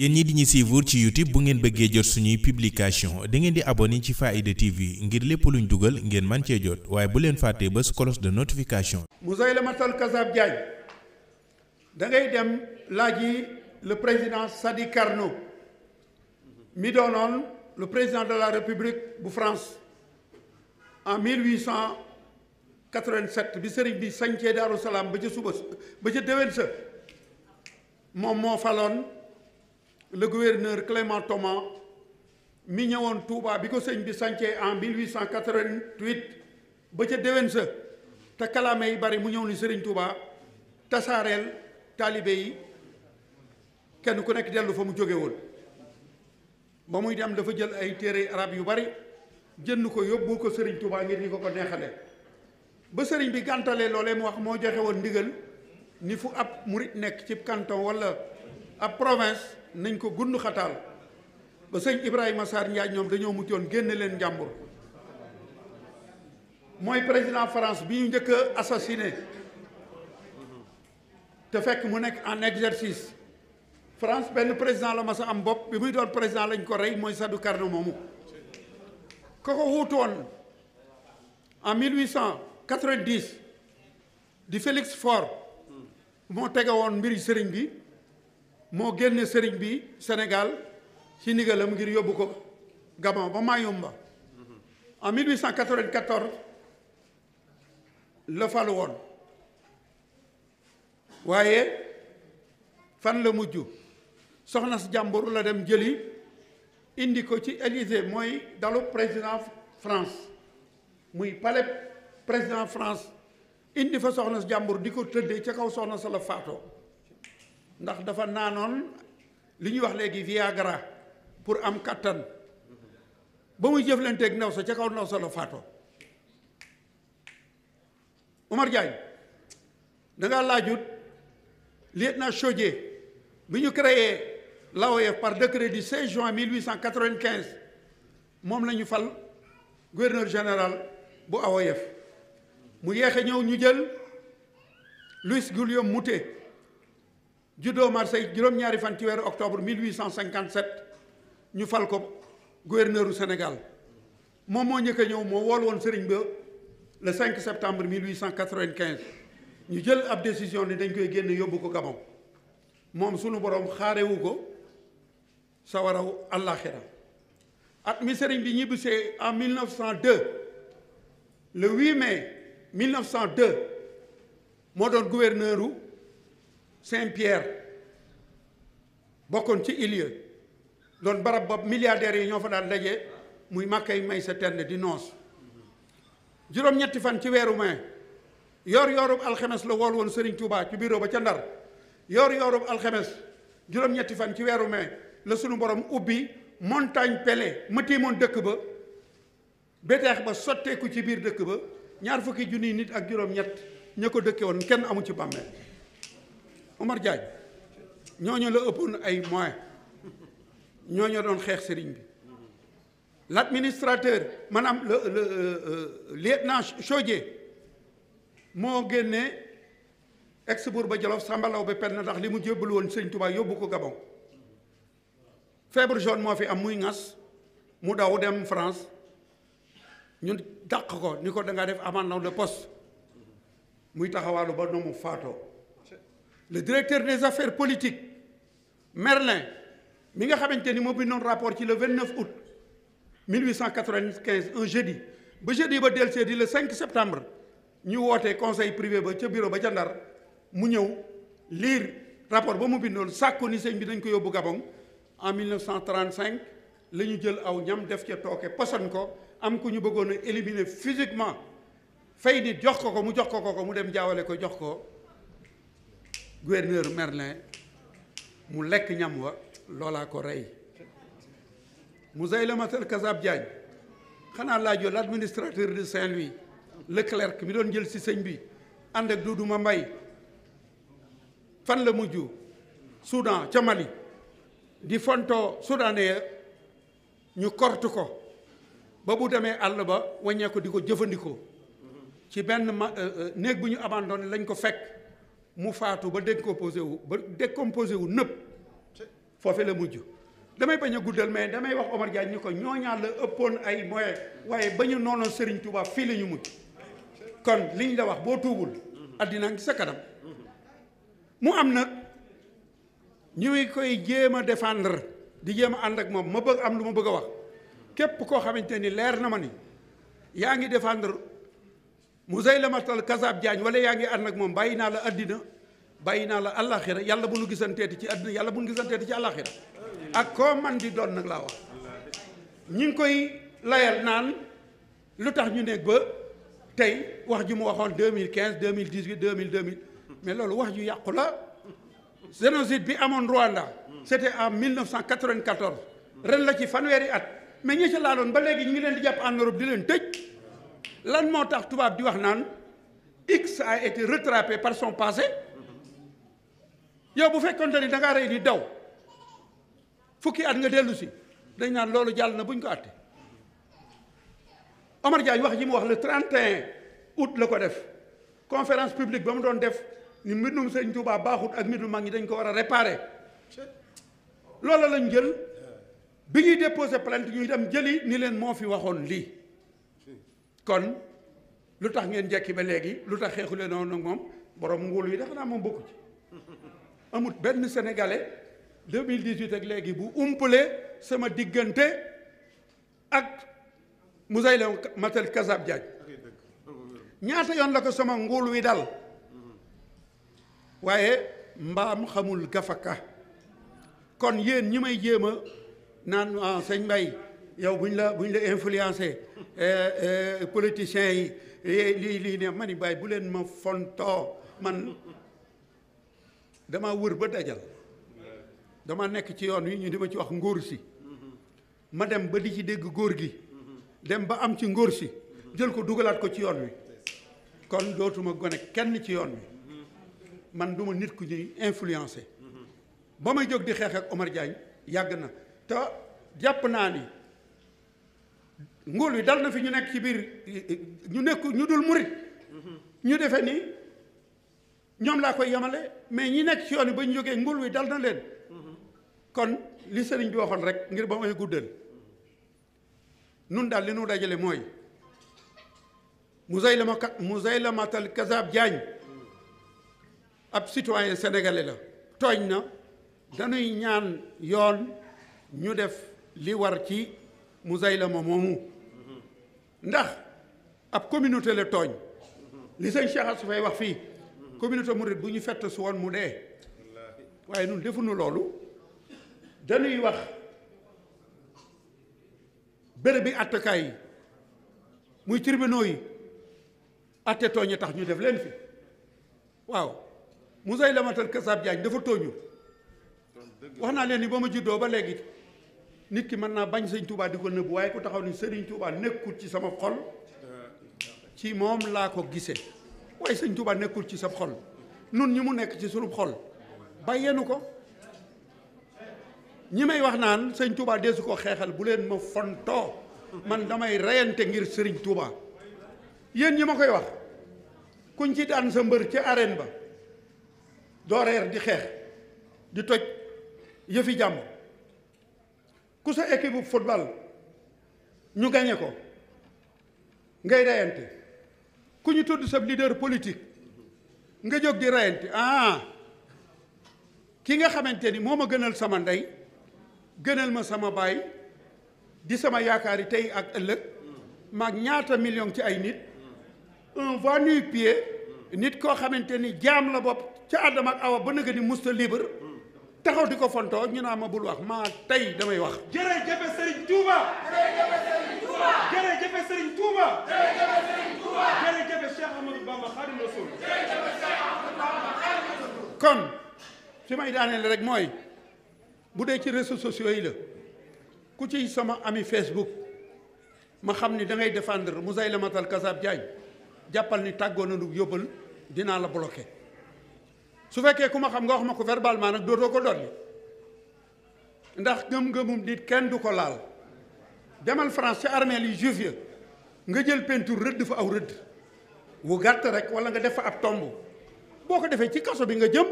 yéen ñi di ñu suivre ci youtube bu ngeen bëggee jot suñuy publication da ngeen di abonné ci Faaida TV ngir lépp luñ dugal ngeen man cee jot waaye bu leen fàttee ba cloche de notification. Moussaïlamatal Kassab Diagne da ngay dem laaj yi le président Sadi Carnot mi doonoon le président de la république bu France en 1887 bi sëriñ bi sañcee Daaru Salaam ba ca suba ba ca déwén sa moom moo faloon. le gouverneur Clément Thomas mi ñëwoon Touba bi ko sëñ bi sance en 1888 ba ca déwén sa te kalaame yi bari mu ñëw ni Serigne Touba tasaareel taalibe yi kenn ku nekk dellu fa mu jóge woon ba muy dem dafa jël ay téere arab yu bari jënd ko yóbbu ko Serigne Touba ngir ñu ko ko neexale ba sëriñ bi gàntalee loolee mu wax moo joxe woon ndigal ni fu ab murit nekk ci canton wala ab province nañ ko gund xataal ba sëñ Ibrahima Sarr Ndiaye ñoom dañoo muccoon génne leen njàmbur mooy président France bi ñu njëkk a te fekk mu nekk en exercice France benn président la ma a am bopp bi muy doon président lañ ko rey mooy Sadu Carnot moomu ko ko wuutoon en 1890 di Félix Faure moo tege woon mbiri sëriñ bi moo génne sëriñ bi Sénégal ci ndigalam ngir yóbbu ko Gabon ba Mayumba mhm. en 1894 la falu woon waaye fan la mujj soxna si jàmbur la dem jëli indi ko ci Élysée mooy dalu président France muy pale président France indi fa soxna si jàmbur di ko tëddee ca kaw soxna sa la faatoo ndax dafa naanoon li ñuy wax léegi Viagra pour am kattan ba muy jëflanteeg ndaw sa ca kaw ndaw sa la faatoo Omar Diagne da ngaa laajut lieutenant Chaudié bi ñu créé l'AOF par décret du 16 juin moom la ñu fal gouverneur général bu AOF mu yeexe ñëw ñu jël Louis Guillaume Moutet. juddoo Marseille juróom-ñaari fan ci weeru octobre 1857 ñu fal ko gouverneuru Sénégal moom moo njëkk a ñëw moo wool woon sëriñ ba le 5 septembre 1895 ñu jël ab décision ni dañ koy génn yóbbu ko Gabon moom sunu borom xaarewu ko sawaraw àllaaxira at mi sëriñ bi ñibbisee en 1902 le 8 mai 1902 moo doon gouverneuru Saint-Pierre bokkoon ci Ilieu doon barab bopp milliardaires yi ñoo fa daan daje muy màkkay may sa tenn di noos juróom-ñetti fan ci weeru mai yoor yoorub alxemes la wool woon sëriñ Touba ci biiroo ba ca Ndar yoor yoorub alxemes juróom-ñetti fan ci weeru mai la sunu borom ubbi montagne pele ma tiimoon dëkk ba beteex ba sotteeku ci biir dëkk ba ñaar fukki junniy nit ak juróom-ñett ña ko dëkke woon kenn amu ci bàmmeel Omar Diagne ñooñu la ëppoon ay moyens ñooñu doon xeex sëriñ bi l'administrateur maanaam le le euh, lieutenant Chaudié moo génne ex ba Jolof sambalaw ba na ndax li mu jébbal woon sëriñ Tuubaa yóbbu ko Gabon fièvre jaune moo fi am muy ŋas mu daw dem France ñu dàq ko ni ko da nga def abandon de poste muy taxawaalu ba nomu faatoo le directeur des affaires politiques Merlin mi nga xamante ni moo bindoon rapport ci le 29 août 1895 un jeudi ba jeudi ba see di le 5 septembre ñu wootee conseil privé ba ca bureau ba ca Ndar mu ñëw liir rapport ba mu bindoon sàkku ni sëñ bi dañ ko yóbbu Gabon en 1935 la ñu jël aw ñam def ca tooke poson ko am ku ñu bëggoon a éliminer physiquement fay nit jox ko ko mu jox ko ko mu dem jaawale ko jox ko. gouverneur Merlin mu lekk ñam wa loolaa ko rey mu Musaylamatal Kazaab Diagne xanaa laajoo l'administrateur de Saint-Louis le clerc mi doon jël ci sëñ bi ànd ak Doudou Mbaye fan la mujj Soudan ca Mali di fontoo soudanais ñu kortu ko ba bu demee àll ba wàññee ko di ko jëfandikoo ci benn ma euh, euh, néeg bu ñu abandonné lañ ko fekk mu faatu ba décomposé wu ba décomposé wu nëpp foofu la mujj damay bañ a guddal mais damay wax Omar Diagne ni ko ñooñaa la ëppoon ay moyen waaye ba ñu noonoon Serigne Touba fii la ñu mujj kon liñ la wax boo tuubul addinaa ngi sa kanam mu am nag ñuy koy jéem a défendre di jéem a ànd ak moom ma bëgg am lu ma bëgg a wax képp koo xamante ni leer na ma ni yaa ngi défendre mu Musaylamatal Kazaab Jaañ wala yaa ngi ànd ak moom bàyyi naa la àddina bàyyi naa la àllaaxira yàlla bu nu gisanteeti ci àddina yàlla bu nu gisanteeti ci àllaaxira ak koo man di doon nag laa wax ñi ngi koy layal naan lu tax ñu nekk ba tey wax ju mu waxoon 2015 2018 2000 mais loolu wax ju yàqu la génocide bi amoon Rwanda c'était en 1994 ren la ci fanweeri at mais ñi ca laaloon ba léegi ñu ngi leen di jàpp en Europe di leen tëj lan moo tax tubaab di wax naan X a été rattrapé par son passé yow bu fekkonte ni da ngaa rey ni daw fukki at nga dellu si dañ naan loolu jàll na buñ ko àtte Omar Diagne wax ji mu wax le 31 août la ko def conférence publique ba mu doon def ni mbindum sëñ Touba baaxut ak mbindum mag ñi dañ ko war a réparer loolu lañ jël bi ñuy déposé plainte ñuy dem jëli ni leen moo fi waxoon lii kon lu tax ngeen jekki ba léegi lu tax xeexule noonu nag moom borom nguul yi dafa naa moom bokku ci amut benn sénégalais 2018 ak léegi bu umpale sama diggante ak Moussaïla Matel Kassab Diagne ñaata yoon la ko sama nguul wi dal waaye mbaam xamul gafaka kon yéen ñi may jéem a naan ah, sëñ Mbaye yow bu ñu la bu ñu la influencé eh, eh, politiciens yi eh, lii lii ne ma ni bàyyi bu leen ma fontoo man dama wër ba dajal dama nekk ci yoon wi ñu di ma ci wax ngóor si ma dem ba di ci dégg góor gi dem ba am ci ngóor si jël ko dugalaat ko ci yoon wi kon dootuma gone kenn ci yoon wi man duma nit ku ñuy influencé ba may jóg di xeex ak Omar Diagne yàgg na te jàpp naa ni nguur wi dal na fi ñu nekk ci biir ñu nekk ñu dul murit ñu defe nii ñoom laa koy yemale mais ñi nekk ci yoon yi ba ñu jógee nguur wi dal na leen kon li sëriñ bi waxoon rek ngir ba may guddal nun daal li nu dajale mooy Musaylama Musaylamatal Kazaab Jaañ ab citoyen sénégalais la tooñ na dañuy ñaan yoon ñu def li war ci Musaylama moomu ndax ab communauté la tooñ li sëñ Cheikh su fay wax fii communauté mouride bu ñu fett su woon mu dee waaye ñun defuñu loolu dañuy wax bërëb bi attekaay yi muy tribunaux yi atte tooñe tax ñu def leen fi waaw Musaylamatal Kazaab Jaañ dafa tooñu wax naa leen ni ba ma juddoo ba léegi nit ki mën naa bañ sëñ Touba di ko nëbbu waaye ku taxaw ni sëriñ Touba nekkul ci sama xol ci moom laa ko gisee waaye sëñ Touba nekkul ci sa xol nun ñi mu nekk ci sunu xol bàyyeenu ko ñi may wax naan sëñ Touba deesu ko xeexal bu leen ma fontoo man damay reyante ngir sëriñ Touba yéen ñi ma koy wax kuñ ci daan sa mbër ci arène ba doo reer di xeex di toj yëfi jàmm ku sa équipe bu football ñu gañe ko ngay reyante ku ñu tudd sa leader politique nga jóg di reyante ah ki nga xamante ni moo ma gënal sama ndey gënal ma sama baay di sama yaakaar yaakaari tey ak ëllëg maag ñaata million ci ay nit un va nu nit koo xamante ni jaam la bopp ca Adama ak Awa ba nga ni musta libre taxaw di ko fontoo ñu naa ma bul wax maa tey damay wax. jërëjëf Serigne Touba. jërëjëf Serigne Touba. jërëjëf Serigne Touba. jërëjëf Serigne Touba. kon fi may daaneel rek mooy bu dee ci réseaux sociaux yi la ku ci sama ami Facebook ma xam ni dangay da ngay défendre Moussaïlamatal Kassab Diagne jàppal ni tàggoon na lu yóbbal dinaa la bloqué. su fekkee ku ma xam nga wax ma ko verbalement nag dootoo ko dolli ndax gëm-gëmum nit kenn du ko laal demal France ci armée li juif ya nga jël peinture rëdd fa aw rëdd wu gàtt rek wala nga def fa ab tomb boo ko defee ci kaso bi nga jëm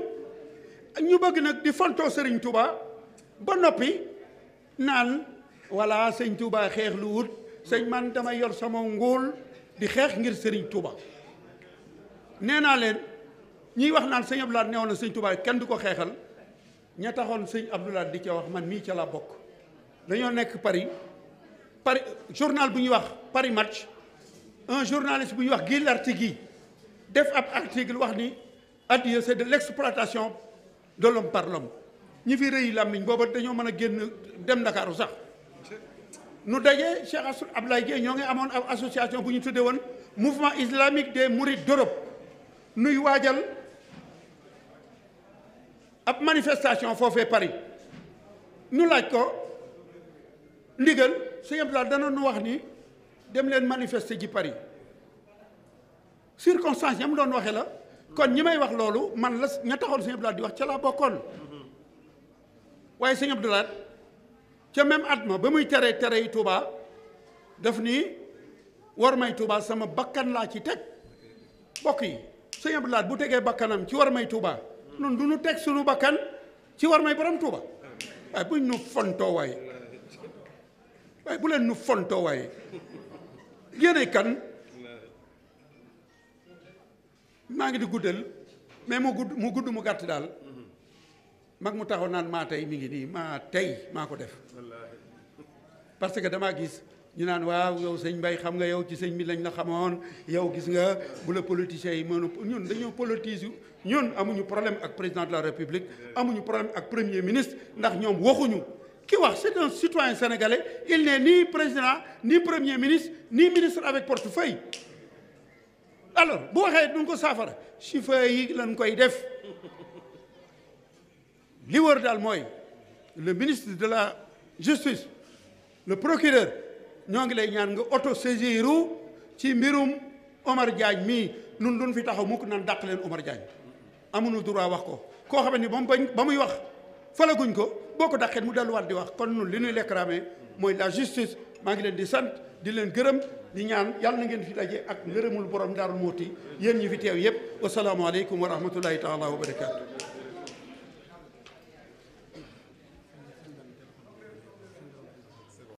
ñu bëgg nag di fontoo sëriñ Touba ba noppi naan wala sëñ Touba xeex lu wut sëñ man damay yor sama ngóol di xeex ngir Serigne Touba nee naa leen. ñiy wax naan sëñ Abdoulaye newoon na sëñ Touba kenn du ko xeexal ña taxoon sëñ Abdoulaye di ca wax man mii ca laa bokk dañoo nekk Paris Paris journal bu ñuy wax Paris Match un journaliste bu ñuy wax Guy Lartigui def ab article wax ni adieu c'est de l'exploitation de l'homme par l'homme ñi fi rëy làmmiñ booba dañoo mën a génn dem Ndakaaru sax nu dajee Cheikh Assou Abdoulaye Dieye ñoo ngi amoon ab association bu ñu tuddee woon mouvement islamique des mourides d'Europe nuy waajal ab manifestation foofu Paris nu laaj ko ndigal sëñ Abdoulaye danoon nu wax ni dem leen manifeste ji Paris circonstance ñam doon waxee la kon ñi may wax loolu man la ña taxoon sëñ Abdoulaye di wax ca laa bokkoon waaye sëñ Abdoulaye ca même at ma ba muy tere tere yi Touba daf ni war may Touba sama bakkan laa ci teg bokk yi sëñ laat bu tegee bakkanam ci war may Touba nun du ñu teg suñu bakkan ci war may borom Touba waaye buñ nu fontoo bu leen nu fontoo waaye yéene kan maa ngi di guddal mais mu gudd mu gudd mu gàtt daal mag mu taxaw naan maa tey mi ngi nii maa tey maa ko def parce que damaa gis ñu naan waaw yow sëñ mbay xam nga yow ci sëñ bi lañ la xamoon yow gis nga bu la politiciens yi mënu ñun dañoo politiser ñun amuñu problème ak président de la république amuñu problème ak premier ministre ndax ñoom waxuñu ki wax c'est un citoyen sénégalais il n'est ni président nii premier ministre ni ministre avec portefeuille alors bu waxee duñ ko saafara chiffres yi lañ koy def li wër daal mooy le ministre de la justice le procureur ñoo ngi lay ñaan nga auto saisir ci mbirum Omar Diagne mii nun duñ fi taxaw mukk nan dàq leen Omar Diagne amuñu droit wax ko koo xam ne ba mu bañ muy wax falaguñ ko boo ko dàqee mu delluwaat di wax kon nun li ñuy lekk raame mooy la justice maa ngi leen di sant di leen gërëm di ñaan yàlla na ngeen fi daje ak ngërëmul borom daarul mooti yéen ñi fi teew yëpp wasalaamualeykum wa rahmatullahi taala wa barakaatu